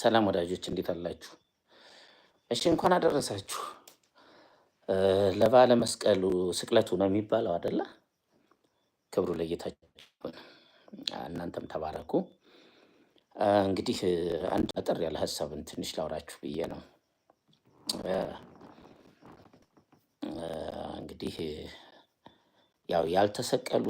ሰላም ወዳጆች እንዴት አላችሁ? እሺ እንኳን አደረሳችሁ ለባለ መስቀሉ ስቅለቱ ነው የሚባለው አደለ? ክብሩ ለጌታችን እናንተም ተባረኩ። እንግዲህ አንድ አጠር ያለ ሀሳብን ትንሽ ላውራችሁ ብዬ ነው። እንግዲህ ያው ያልተሰቀሉ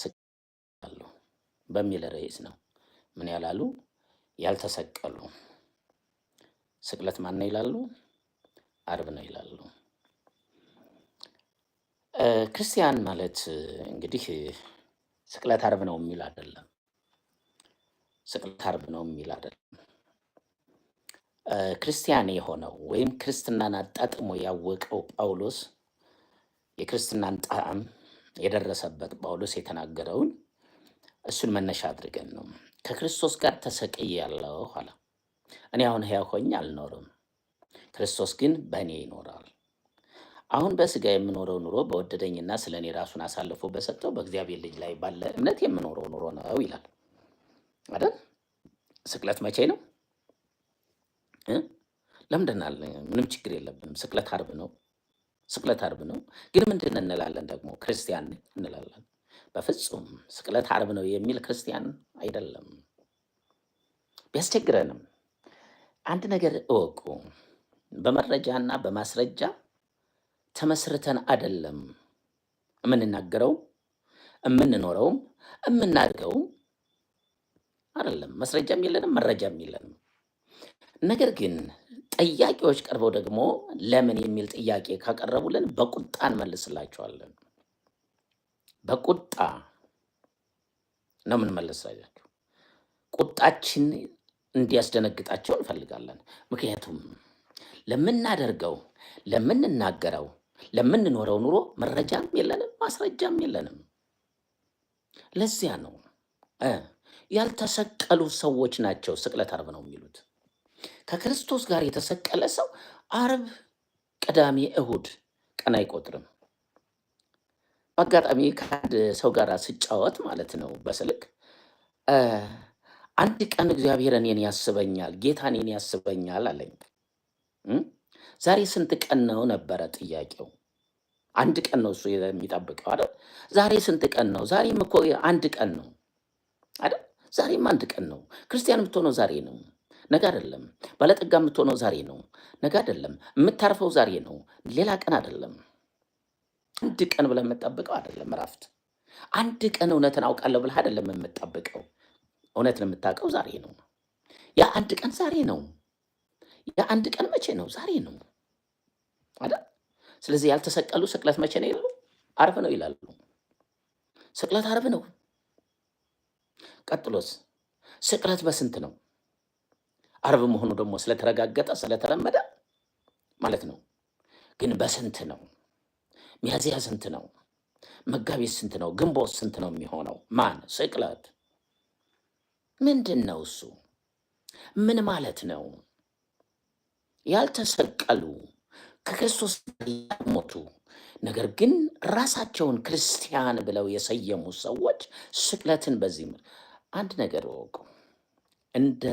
ስቅለቱ በሚል ርዕስ ነው ምን ያላሉ ያልተሰቀሉ ስቅለት ማን ነው ይላሉ? አርብ ነው ይላሉ። ክርስቲያን ማለት እንግዲህ ስቅለት አርብ ነው የሚል አይደለም። ስቅለት አርብ ነው የሚል አይደለም። ክርስቲያን የሆነው ወይም ክርስትናን አጣጥሞ ያወቀው ጳውሎስ የክርስትናን ጣዕም የደረሰበት ጳውሎስ የተናገረውን እሱን መነሻ አድርገን ነው ከክርስቶስ ጋር ተሰቅያለሁ አለ። እኔ አሁን ሕያው ሆኜ አልኖርም፣ ክርስቶስ ግን በእኔ ይኖራል። አሁን በስጋ የምኖረው ኑሮ በወደደኝና ስለ እኔ ራሱን አሳልፎ በሰጠው በእግዚአብሔር ልጅ ላይ ባለ እምነት የምኖረው ኑሮ ነው ይላል አይደል? ስቅለት መቼ ነው? ለምደናል። ምንም ችግር የለብንም። ስቅለት አርብ ነው። ስቅለት አርብ ነው። ግን ምንድን እንላለን ደግሞ ክርስቲያን እንላለን በፍጹም ስቅለት አርብ ነው የሚል ክርስቲያን አይደለም። ቢያስቸግረንም አንድ ነገር እወቁ፣ በመረጃና በማስረጃ ተመስርተን አይደለም የምንናገረው የምንኖረውም የምናድገውም አይደለም። መስረጃም የለንም፣ መረጃም የለንም። ነገር ግን ጥያቄዎች ቀርበው ደግሞ ለምን የሚል ጥያቄ ካቀረቡልን በቁጣ እንመልስላቸዋለን። በቁጣ ነው የምንመልሳቸው። ቁጣችን እንዲያስደነግጣቸው እንፈልጋለን። ምክንያቱም ለምናደርገው፣ ለምንናገረው፣ ለምንኖረው ኑሮ መረጃም የለንም፣ ማስረጃም የለንም። ለዚያ ነው ያልተሰቀሉ ሰዎች ናቸው ስቅለት አርብ ነው የሚሉት። ከክርስቶስ ጋር የተሰቀለ ሰው አርብ፣ ቅዳሜ፣ እሁድ ቀን አይቆጥርም። በአጋጣሚ ከአንድ ሰው ጋር ስጫወት ማለት ነው በስልክ አንድ ቀን እግዚአብሔር እኔን ያስበኛል፣ ጌታ እኔን ያስበኛል አለኝ። ዛሬ ስንት ቀን ነው ነበረ ጥያቄው። አንድ ቀን ነው እሱ የሚጠብቀው አይደል? ዛሬ ስንት ቀን ነው? ዛሬም እኮ አንድ ቀን ነው አይደል? ዛሬም አንድ ቀን ነው። ክርስቲያን የምትሆነው ዛሬ ነው፣ ነገ አይደለም። ባለጠጋ የምትሆነው ዛሬ ነው፣ ነገ አይደለም። የምታርፈው ዛሬ ነው፣ ሌላ ቀን አይደለም። አንድ ቀን ብለህ የምጠብቀው አይደለም እረፍት። አንድ ቀን እውነትን አውቃለሁ ብለህ አይደለም የምጠብቀው። እውነትን የምታውቀው ዛሬ ነው። የአንድ ቀን ዛሬ ነው። የአንድ ቀን መቼ ነው? ዛሬ ነው አይደል? ስለዚህ ያልተሰቀሉ ስቅለት መቼ ነው ይላሉ? አርብ ነው ይላሉ። ስቅለት አርብ ነው። ቀጥሎስ ስቅለት በስንት ነው? አርብ መሆኑ ደግሞ ስለተረጋገጠ ስለተለመደ ማለት ነው። ግን በስንት ነው? ሚያዝያ ስንት ነው? መጋቢት ስንት ነው? ግንቦት ስንት ነው የሚሆነው? ማን ስቅለት ምንድን ነው? እሱ ምን ማለት ነው? ያልተሰቀሉ ከክርስቶስ ያልሞቱ ነገር ግን ራሳቸውን ክርስቲያን ብለው የሰየሙ ሰዎች ስቅለትን በዚህ አንድ ነገር ወቁ። እንደ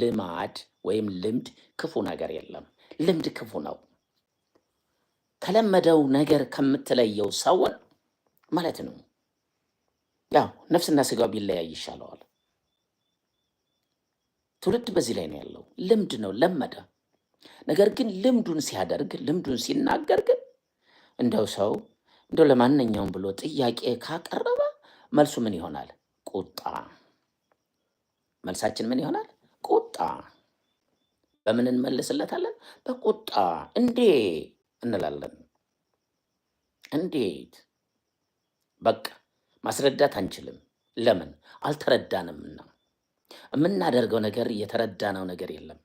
ልማድ ወይም ልምድ ክፉ ነገር የለም። ልምድ ክፉ ነው። ከለመደው ነገር ከምትለየው ሰውን ማለት ነው። ያው ነፍስና ስጋው ቢለያይ ይሻለዋል። ትውልድ በዚህ ላይ ነው ያለው። ልምድ ነው፣ ለመደ። ነገር ግን ልምዱን ሲያደርግ ልምዱን ሲናገር ግን እንደው ሰው እንደው ለማንኛውም ብሎ ጥያቄ ካቀረበ መልሱ ምን ይሆናል? ቁጣ። መልሳችን ምን ይሆናል? ቁጣ። በምን እንመልስለታለን? በቁጣ እንዴ እንላለን። እንዴት በቃ ማስረዳት አንችልም። ለምን አልተረዳንምና፣ የምናደርገው ነገር የተረዳነው ነገር የለም።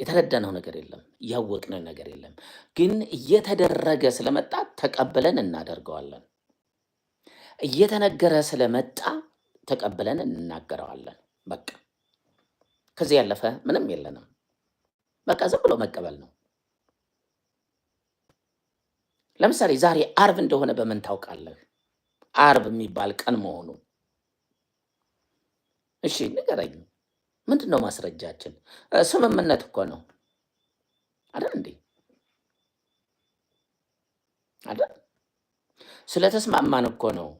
የተረዳነው ነገር የለም። ያወቅነው ነገር የለም። ግን እየተደረገ ስለመጣ ተቀብለን እናደርገዋለን። እየተነገረ ስለመጣ ተቀብለን እንናገረዋለን። በቃ ከዚህ ያለፈ ምንም የለንም። በቃ ዝም ብሎ መቀበል ነው። ለምሳሌ ዛሬ አርብ እንደሆነ በምን ታውቃለህ? አርብ የሚባል ቀን መሆኑ እሺ፣ ንገረኝ። ምንድን ነው ማስረጃችን? ስምምነት እኮ ነው አይደል እንዴ? አይደል? ስለተስማማን እኮ ነው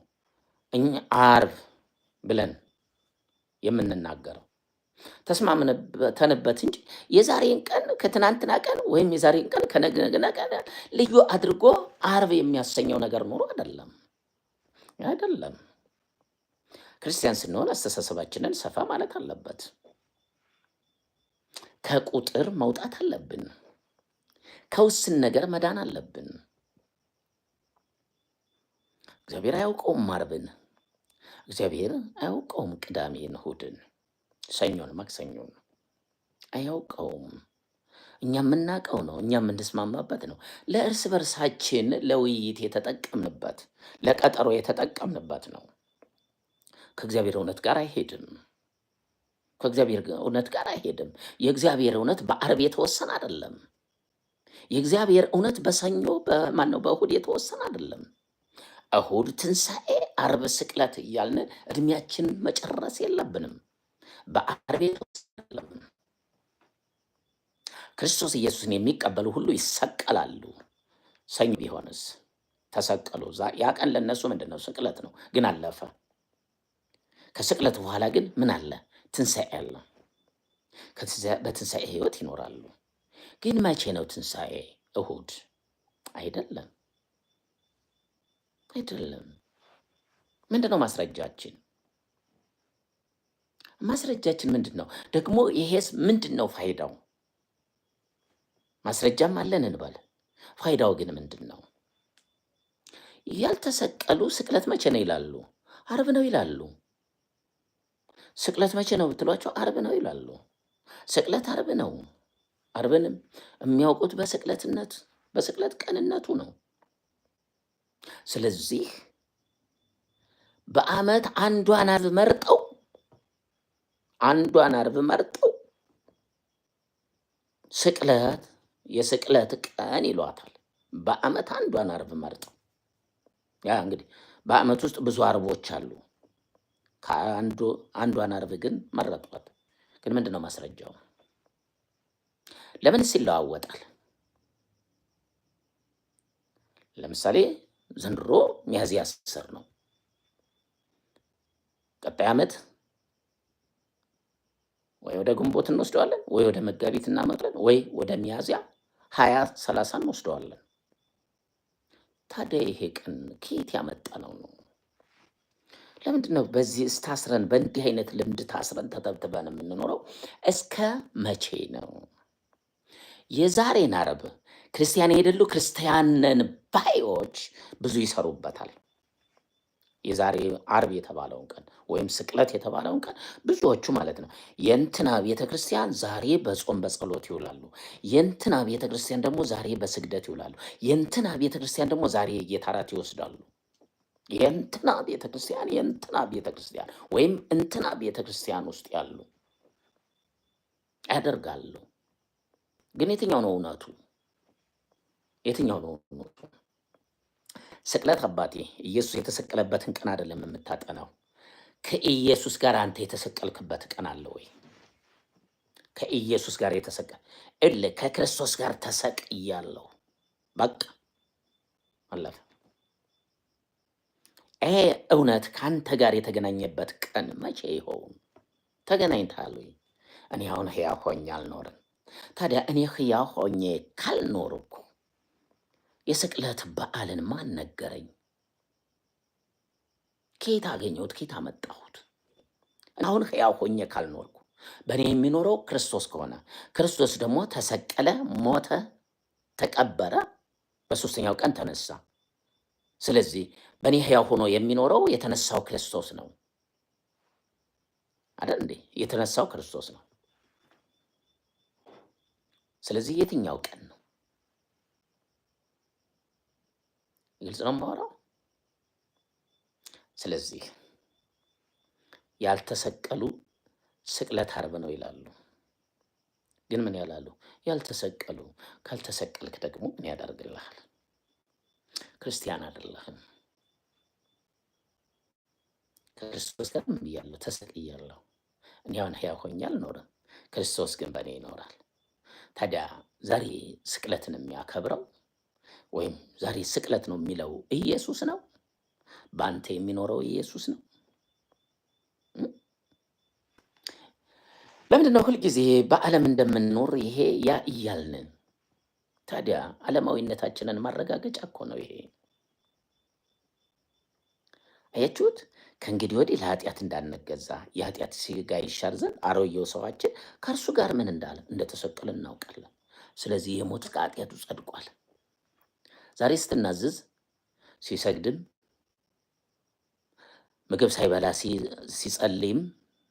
እኛ አርብ ብለን የምንናገረው። ተስማምተንበት እንጂ የዛሬን ቀን ከትናንትና ቀን ወይም የዛሬን ቀን ከነገና ቀን ልዩ አድርጎ አርብ የሚያሰኘው ነገር ኖሮ አይደለም አይደለም። ክርስቲያን ስንሆን አስተሳሰባችንን ሰፋ ማለት አለበት። ከቁጥር መውጣት አለብን። ከውስን ነገር መዳን አለብን። እግዚአብሔር አያውቀውም አርብን እግዚአብሔር አያውቀውም ቅዳሜን፣ እሁድን። ሰኞን ማክሰኞን አያውቀውም። እኛ የምናውቀው ነው። እኛ የምንስማማበት ነው። ለእርስ በርሳችን ለውይይት የተጠቀምንበት ለቀጠሮ የተጠቀምንበት ነው። ከእግዚአብሔር እውነት ጋር አይሄድም። ከእግዚአብሔር እውነት ጋር አይሄድም። የእግዚአብሔር እውነት በአርብ የተወሰነ አይደለም። የእግዚአብሔር እውነት በሰኞ በማነው በእሁድ የተወሰነ አይደለም። እሁድ ትንሣኤ፣ አርብ ስቅለት እያልን እድሜያችን መጨረስ የለብንም። በአርቤት ውስጥ ክርስቶስ ኢየሱስን የሚቀበሉ ሁሉ ይሰቀላሉ። ሰኞ ቢሆንስ ተሰቀሉ። ያ ቀን ለእነሱ ምንድን ነው? ስቅለት ነው፣ ግን አለፈ። ከስቅለት በኋላ ግን ምን አለ? ትንሣኤ አለ። በትንሣኤ ህይወት ይኖራሉ። ግን መቼ ነው ትንሣኤ? እሁድ አይደለም፣ አይደለም። ምንድን ነው ማስረጃችን? ማስረጃችን ምንድን ነው? ደግሞ ይሄስ ምንድን ነው ፋይዳው? ማስረጃም አለን እንበል። ፋይዳው ግን ምንድን ነው? ያልተሰቀሉ ስቅለት መቼ ነው ይላሉ። አርብ ነው ይላሉ። ስቅለት መቼ ነው ብትሏቸው አርብ ነው ይላሉ። ስቅለት አርብ ነው። አርብንም የሚያውቁት በስቅለትነት በስቅለት ቀንነቱ ነው። ስለዚህ በዓመት አንዷን አርብ መርጠው አንዷን አርብ መርጠው ስቅለት የስቅለት ቀን ይሏታል። በአመት አንዷን አርብ መርጠው ያ እንግዲህ በአመት ውስጥ ብዙ አርቦች አሉ። አንዷን አርብ ግን መረጧት። ግን ምንድን ነው ማስረጃው? ለምንስ ይለዋወጣል? ለምሳሌ ዘንድሮ ሚያዝያ አስር ነው። ቀጣይ ዓመት ወይ ወደ ግንቦት እንወስደዋለን፣ ወይ ወደ መጋቢት እናመጣለን፣ ወይ ወደ ሚያዝያ ሀያ ሰላሳ እንወስደዋለን። ታዲያ ይሄ ቀን ከየት ያመጣ ነው ነው? ለምንድን ነው በዚህ እስታስረን በእንዲህ አይነት ልምድ ታስረን ተተብትበን የምንኖረው? እስከ መቼ ነው? የዛሬን አረብ ክርስቲያን የሌሉ ክርስቲያንን ባዮች ብዙ ይሰሩበታል። የዛሬ አርብ የተባለውን ቀን ወይም ስቅለት የተባለውን ቀን ብዙዎቹ ማለት ነው የእንትና ቤተ ክርስቲያን ዛሬ በጾም በጸሎት ይውላሉ። የእንትና ቤተ ክርስቲያን ደግሞ ዛሬ በስግደት ይውላሉ። የእንትና ቤተ ክርስቲያን ደግሞ ዛሬ የጌታራት ይወስዳሉ። የእንትና ቤተ ክርስቲያን የእንትና ቤተ ክርስቲያን ወይም እንትና ቤተ ክርስቲያን ውስጥ ያሉ ያደርጋሉ። ግን የትኛው ነው እውነቱ? የትኛው ነው እውነቱ? ስቅለት አባቴ ኢየሱስ የተሰቀለበትን ቀን አይደለም የምታጠናው። ከኢየሱስ ጋር አንተ የተሰቀልክበት ቀን አለ ወይ? ከኢየሱስ ጋር የተሰቀል እለ ከክርስቶስ ጋር ተሰቅያለሁ። በቃ አለፈ። ይሄ እውነት ከአንተ ጋር የተገናኘበት ቀን መቼ ይሆን? ተገናኝታል ወይ? እኔ አሁን ሕያው ሆኜ አልኖርም። ታዲያ እኔ ሕያው ሆኜ ካልኖር የስቅለት በዓልን ማን ነገረኝ? ከየት አገኘሁት? ከየት አመጣሁት? አሁን ሕያው ሆኜ ካልኖርኩ በእኔ የሚኖረው ክርስቶስ ከሆነ ክርስቶስ ደግሞ ተሰቀለ፣ ሞተ፣ ተቀበረ፣ በሶስተኛው ቀን ተነሳ። ስለዚህ በእኔ ሕያው ሆኖ የሚኖረው የተነሳው ክርስቶስ ነው አደ እንዴ? የተነሳው ክርስቶስ ነው። ስለዚህ የትኛው ቀን ነው? ግልጽ ነው የማወራው። ስለዚህ ያልተሰቀሉ ስቅለት አርብ ነው ይላሉ። ግን ምን ያላሉ? ያልተሰቀሉ ካልተሰቀልክ ደግሞ ምን ያደርግልሃል? ክርስቲያን አይደለህም። ከክርስቶስ ጋር ምን ብያለሁ? ተሰቅያለሁ። እኔ አሁን ሕያው ሆኜ አልኖርም፣ ክርስቶስ ግን በእኔ ይኖራል። ታዲያ ዛሬ ስቅለትን የሚያከብረው ወይም ዛሬ ስቅለት ነው የሚለው ኢየሱስ ነው? በአንተ የሚኖረው ኢየሱስ ነው? ለምንድን ነው ሁልጊዜ በዓለም እንደምንኖር ይሄ ያ እያልን ታዲያ ዓለማዊነታችንን ማረጋገጫ እኮ ነው ይሄ። አያችሁት? ከእንግዲህ ወዲህ ለኃጢአት እንዳንገዛ የኃጢአት ሥጋ ይሻር ዘንድ አሮየው ሰዋችን ከእርሱ ጋር ምን እንዳለ እንደተሰቀለ እናውቃለን። ስለዚህ የሞት ከኃጢአቱ ጸድቋል። ዛሬ ስትናዝዝ ሲሰግድም ምግብ ሳይበላ ሲጸልይም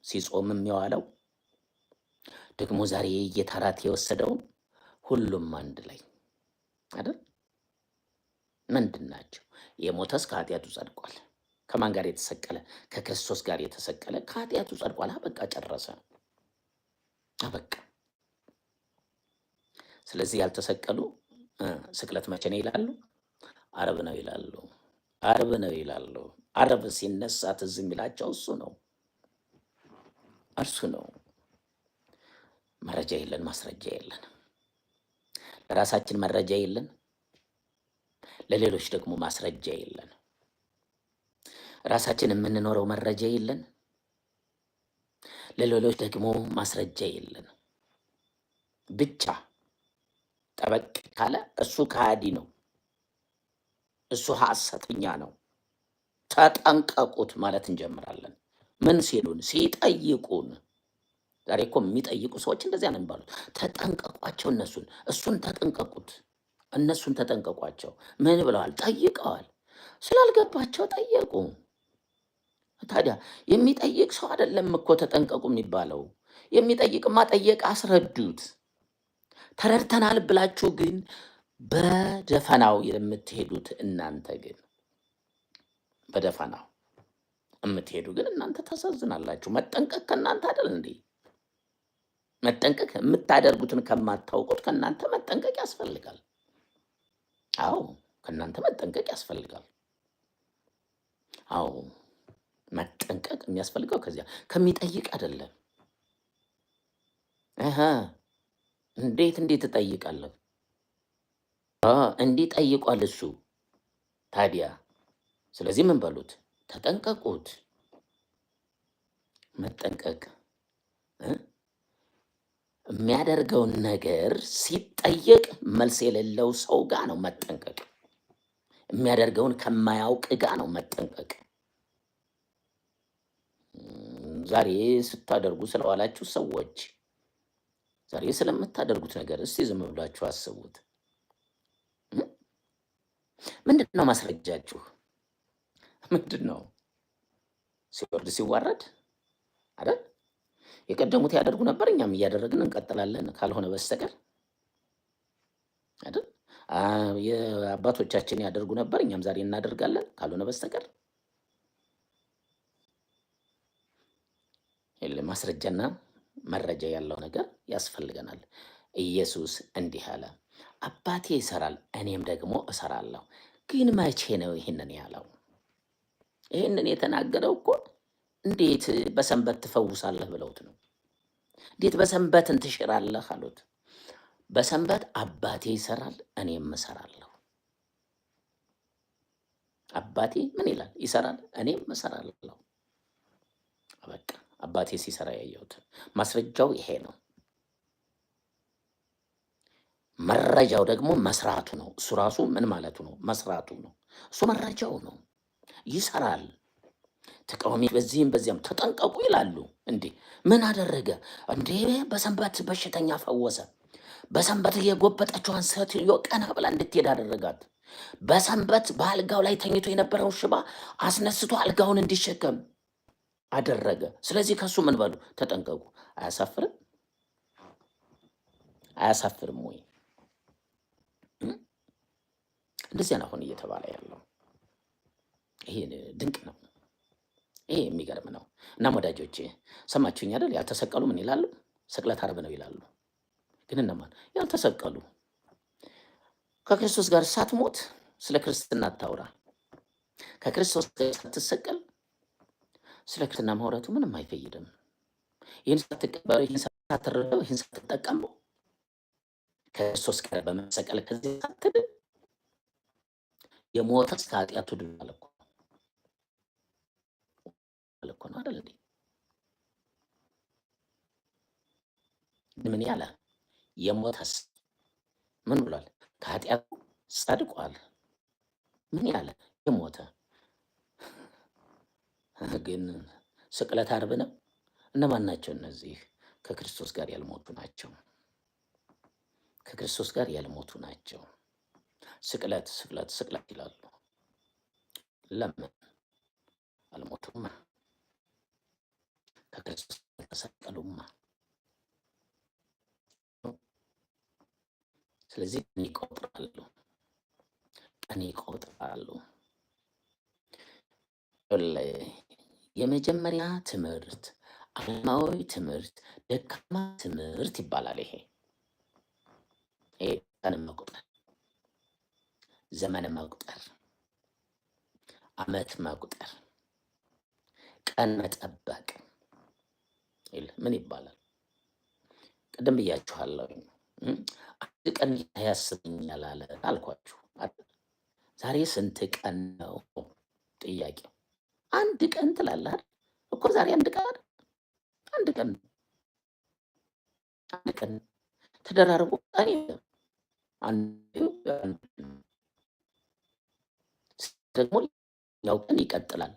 ሲጾምም የዋለው ደግሞ ዛሬ እየተራት የወሰደውም ሁሉም አንድ ላይ አይደል? ምንድን ናቸው? የሞተስ ከኃጢአቱ ጸድቋል። ከማን ጋር የተሰቀለ? ከክርስቶስ ጋር የተሰቀለ ከኃጢአቱ ጸድቋል። አበቃ፣ ጨረሰ፣ አበቃ። ስለዚህ ያልተሰቀሉ ስቅለት መቼ ነው ይላሉ? አርብ ነው ይላሉ። አርብ ነው ይላሉ። አርብ ሲነሳ ትዝ የሚላቸው እሱ ነው እርሱ ነው። መረጃ የለን፣ ማስረጃ የለን። ለራሳችን መረጃ የለን፣ ለሌሎች ደግሞ ማስረጃ የለን። ራሳችን የምንኖረው መረጃ የለን፣ ለሌሎች ደግሞ ማስረጃ የለን ብቻ ጠበቅ ካለ እሱ ከሃዲ ነው፣ እሱ ሐሰተኛ ነው። ተጠንቀቁት ማለት እንጀምራለን። ምን ሲሉን? ሲጠይቁን። ዛሬ እኮ የሚጠይቁ ሰዎች እንደዚያ ነው የሚባሉት። ተጠንቀቋቸው እነሱን፣ እሱን ተጠንቀቁት፣ እነሱን ተጠንቀቋቸው። ምን ብለዋል? ጠይቀዋል። ስላልገባቸው ጠየቁ። ታዲያ የሚጠይቅ ሰው አይደለም እኮ ተጠንቀቁ የሚባለው። የሚጠይቅማ ጠየቅ፣ አስረዱት ተረድተናል ብላችሁ ግን በደፈናው የምትሄዱት እናንተ ግን በደፈናው የምትሄዱ ግን እናንተ ታሳዝናላችሁ። መጠንቀቅ ከእናንተ አይደል እንዴ? መጠንቀቅ የምታደርጉትን ከማታውቁት ከእናንተ መጠንቀቅ ያስፈልጋል። አዎ ከእናንተ መጠንቀቅ ያስፈልጋል። አዎ መጠንቀቅ የሚያስፈልገው ከዚያ ከሚጠይቅ አይደለም። እንዴት እንዴት ትጠይቃለህ? እንዲህ ጠይቋል እሱ ታዲያ። ስለዚህ ምን በሉት? ተጠንቀቁት። መጠንቀቅ የሚያደርገውን ነገር ሲጠየቅ መልስ የሌለው ሰው ጋር ነው መጠንቀቅ። የሚያደርገውን ከማያውቅ ጋር ነው መጠንቀቅ። ዛሬ ስታደርጉ ስለዋላችሁ ሰዎች ዛሬ ስለምታደርጉት ነገር እስቲ ዝም ብላችሁ አስቡት። ምንድን ነው ማስረጃችሁ? ምንድን ነው ሲወርድ ሲዋረድ አይደል? የቀደሙት ያደርጉ ነበር፣ እኛም እያደረግን እንቀጥላለን ካልሆነ በስተቀር አይደል? የአባቶቻችን ያደርጉ ነበር፣ እኛም ዛሬ እናደርጋለን ካልሆነ በስተቀር የለም ማስረጃና መረጃ ያለው ነገር ያስፈልገናል። ኢየሱስ እንዲህ አለ፣ አባቴ ይሰራል፣ እኔም ደግሞ እሰራለሁ። ግን መቼ ነው ይህንን ያለው? ይህንን የተናገረው እኮ እንዴት በሰንበት ትፈውሳለህ ብለውት ነው። እንዴት በሰንበት ትሽራለህ አሉት። በሰንበት አባቴ ይሰራል፣ እኔም እሰራለሁ። አባቴ ምን ይላል? ይሰራል፣ እኔም እሰራለሁ። በቃ አባቴ ሲሰራ ያየሁት ማስረጃው ይሄ ነው። መረጃው ደግሞ መስራቱ ነው። እሱ ራሱ ምን ማለቱ ነው? መስራቱ ነው። እሱ መረጃው ነው። ይሰራል። ተቃዋሚ በዚህም በዚያም ተጠንቀቁ ይላሉ። እንዴ ምን አደረገ እንዴ? በሰንበት በሽተኛ ፈወሰ። በሰንበት የጎበጠችዋን ሴትዮ ቀና ብላ እንድትሄድ አደረጋት። በሰንበት በአልጋው ላይ ተኝቶ የነበረው ሽባ አስነስቶ አልጋውን እንዲሸከም አደረገ። ስለዚህ ከሱ ምን በሉ ተጠንቀቁ። አያሳፍርም? አያሳፍርም ወይ? እንደዚያን አሁን እየተባለ ያለው ይሄ ድንቅ ነው። ይሄ የሚገርም ነው። እናም ወዳጆቼ ሰማችሁኝ አይደል? ያልተሰቀሉ ምን ይላሉ? ስቅለት አርብ ነው ይላሉ። ግን እነማን ያልተሰቀሉ? ከክርስቶስ ጋር ሳትሞት ስለ ክርስትና አታውራ። ከክርስቶስ ጋር ሳትሰቀል ስለ ክርስትና ማውራቱ ምንም አይፈይድም። ይህን ሳትቀበለው፣ ይህን ሳትረዳው፣ ይህን ሳትጠቀመው ከክርስቶስ ጋር በመሰቀል ከዚህ ሳትድ የሞተ እስከ ኃጢአቱ ድኗል እኮ እኮ ነው አይደል? ምን ያለ የሞተስ ምን ብሏል? ከኃጢአቱ ጸድቋል። ምን ያለ የሞተ ግን ስቅለት አርብ ነው። እነማን ናቸው እነዚህ? ከክርስቶስ ጋር ያልሞቱ ናቸው። ከክርስቶስ ጋር ያልሞቱ ናቸው። ስቅለት ስቅለት ስቅለት ይላሉ። ለምን አልሞቱማ? ከክርስቶስ ተሰቀሉማ። ስለዚህ ቀን ይቆጥራሉ፣ ቀን ይቆጥራሉ። የመጀመሪያ ትምህርት ዓለማዊ ትምህርት ደካማ ትምህርት ይባላል። ይሄ ቀን መቁጠር፣ ዘመን መቁጠር፣ ዓመት መቁጠር፣ ቀን መጠበቅ ምን ይባላል? ቅድም ብያችኋለሁ። አንድ ቀን ያስበኛል አለ አልኳችሁ። ዛሬ ስንት ቀን ነው ጥያቄው? አንድ ቀን ትላለህ እኮ ዛሬ አንድ ቀን አንድ ቀን አንድ ቀን ተደራርቦ ደግሞ ያው ቀን ይቀጥላል።